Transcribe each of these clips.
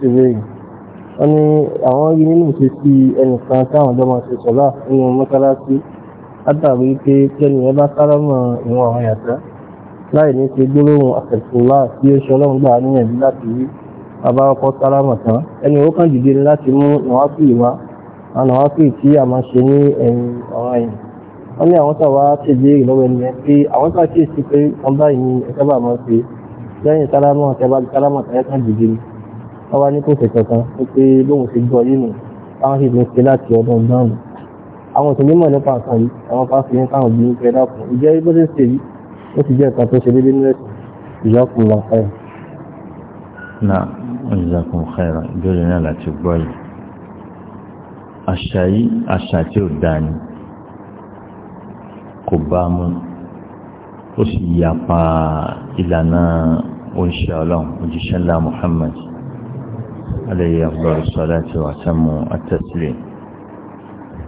ṣe wọ́n ní àwọn rí nínú ṣe sí ẹnìkan táwọn ọjọ́ máa ṣe sọ̀lá nínú mọ́sálásí látàrí pé kẹ́ni ẹ bá sálámọ̀ ìwọ̀n àwọn yàtá láì ní ṣe gbólóhùn àfẹ̀sùnlá tí ó ṣe ọlọ́run gbà níyànjú láti rí bàbá ọkọ̀ sálámọ̀ tán ẹni ó kàn dìde láti mú nàwákì wá wá ní kò sí kankan pé lóun ti gbọ́ yìí nù táwọn sì ti ń ṣe láti ọdún márùn-ún àwọn òsì mímọ̀ nípa nǹkan yìí àwọn kan fi ń káwọn bí ń fẹ́ dákun ìjẹ́ bó ti ń ṣe yìí ó ti jẹ́ nǹkan tó ṣe déédéé nílẹ̀ ìyọkùn lọ fẹ́. náà wọ́n ti dákun ìbéèrè náà láti gbọ́ yìí àṣà yìí àṣà tí ò dáa ni kò bá mu ó sì yapa ìlànà oníṣẹ́ ọlọ́run òjíṣẹ́ ńlá Muhammad عليه أفضل الصلاة وأتم التسليم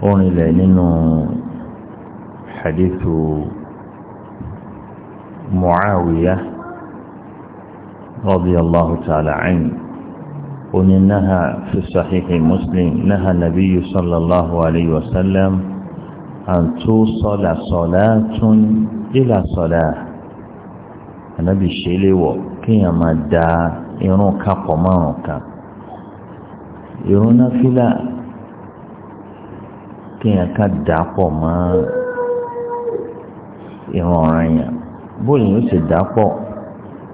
أغني لأنه حديث معاوية رضي الله تعالى عنه ومن نهى في الصحيح مسلم نهى النبي صلى الله عليه وسلم أن توصل صلاة إلى صلاة النبي الشيلي وكيما دا ينوكا قمانوكا ìrun náfìlà kéèyàn ká dà pọ̀ mọ́ ìrun ọ̀ràn yẹn bóyá ó sì dà pọ̀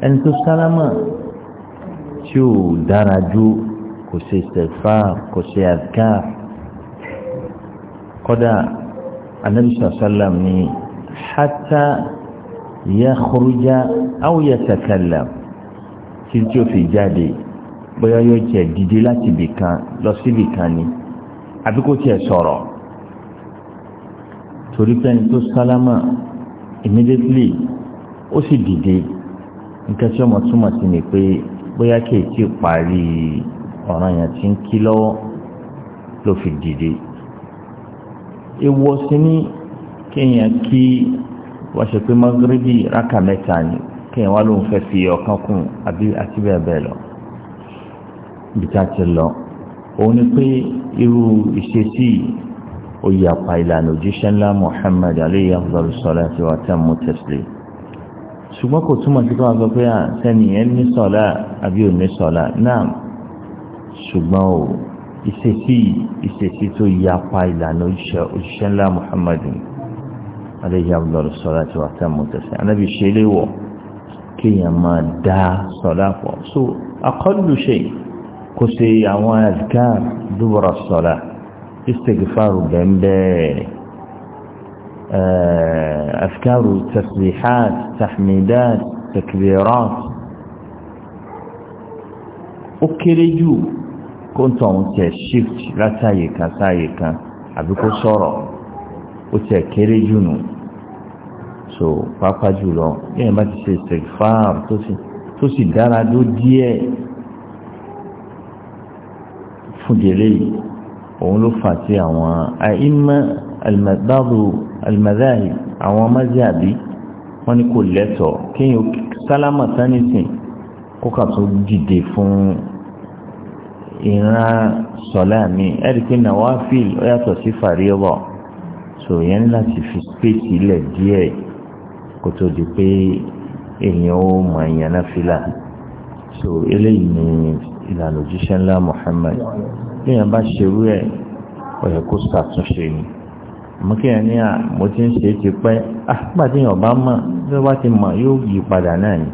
ẹni tó sálámà tí ò dára ju kò ṣe ìṣẹ̀fà kò ṣe àdìkà kọ́dà anamisa sálàm ni hátà yẹ kúrújà áwòyẹ tẹkẹlẹ tí tí ó fi jáde bóyá yóò jẹ́ dìde láti ibì kan lọ síbì kan ni àbí kò tiẹ̀ sọ̀rọ̀ torí pé tó sálámà immediately ó sì dìde nǹkan tí ọmọ túmọ̀ sí ni pé bóyá kìí tí parí ọ̀ràn yẹn ti ń kí lọ́wọ́ ló fi dìde ewu ọsìn ní kéèyàn kí wọ́n ṣe pé mọ́gíríbì rákà mẹ́ta ni kéèyàn wá lóun fẹ́ fi ọ̀kan kún àbí àti bẹ́ẹ̀ bẹ́ẹ̀ lọ bìtá ti lọ òun ni pé irú ìṣesí oyè àpá ìlànà òjíṣẹ́ ńlá Muhammad aleyhi afdal sọlá ti wà tẹ́ mú tẹ̀sílẹ̀ ṣùgbọ́n kò túmọ̀ sí kí wọ́n sọ pé ah, sẹ́ni ẹ̀ ní sọ̀lá àbí ò ní sọ̀lá náà ṣùgbọ́n o ìṣesí ìṣesí tó yẹ apá ìlànà òjíṣẹ́ ńlá Muhammad aleyhi afdal sọlá ti wà mú tẹ̀sílẹ̀ anábì ṣe é léwọ̀ kéèyàn máa dá sọ̀lá pọ̀ so akọ́lù ṣe yìí kó ṣe àwọn azkar dubura sọ̀la istighfar bẹ́ẹ̀ أذكار تسبيحات تحميدات تكبيرات ó kéré jù kó ń tọ́ àwọn tẹ̀ shift látàyè kan sáyè kan àbí kó sọ̀rọ̀ ó tẹ̀ kéré jù nù so pàápàá jùlọ bí bá ti ṣe ṣèfáàr tó sì dára dó díẹ̀ fún délé yìí òun ló fà sí àwọn àìmọ́ almadhabu almadhahi àwọn mazhabi wọ́n ní kò lẹ́tọ̀ọ́ kéèyàn sálámà sánísìn kó kà tó dìde fún ìran sọ̀lá mi ẹ̀rí pé nawafil ó yàtọ̀ sí fàríwọ̀ so yẹn láti fi space ilẹ̀ díẹ̀ kó tó di pé èèyàn ó mọ ìyànnáfìlà so eléyìí ni ìlànà òjíṣẹ́ ńlá Muhammad léèyàn bá ṣerú ẹ̀ ọ̀yẹ̀ kó ṣàtúnṣe ni mo kí ẹ ní à mo ti ń ṣe é ti pẹ́ àpá tí yàn bá mọ̀ bí wọ́n bá ti mọ̀ yóò yí padà náà ni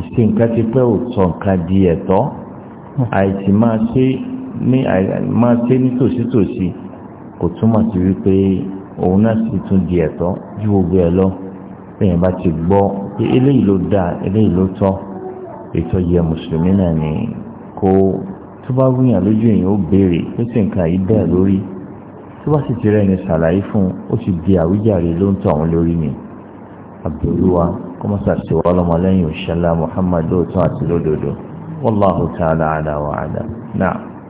ìṣe nǹkan ti pẹ́ ò nǹkan di ẹ̀tọ́ àìsí máa ṣe ní máa ṣe nítòsítòsí kò túmọ̀ sí wípé òun náà sì tún di ẹ̀tọ́ ju gbogbo ẹ̀ lọ lẹ́yìn bá ti gbọ́ eléyìí ló dáa eléyìí ló tọ́ ètò yẹ mùsùlùmí náà ni kò tó bá wúyàn lójú èèyàn ó béèrè pé sì nǹkan yìí bẹ́ẹ̀ lórí tó bá sì ti rẹ̀ ṣàlàyé fún ó ti di àwíjàre ló ń tọ́ àwọn lórí ni àbẹ̀olúwa kọ́mọ́sà ti wá ọlọ́mọlẹ́yìn òṣèlá Muhammad lóòótọ́ àti lódodo wallahu ta'ala ala wa ala náà.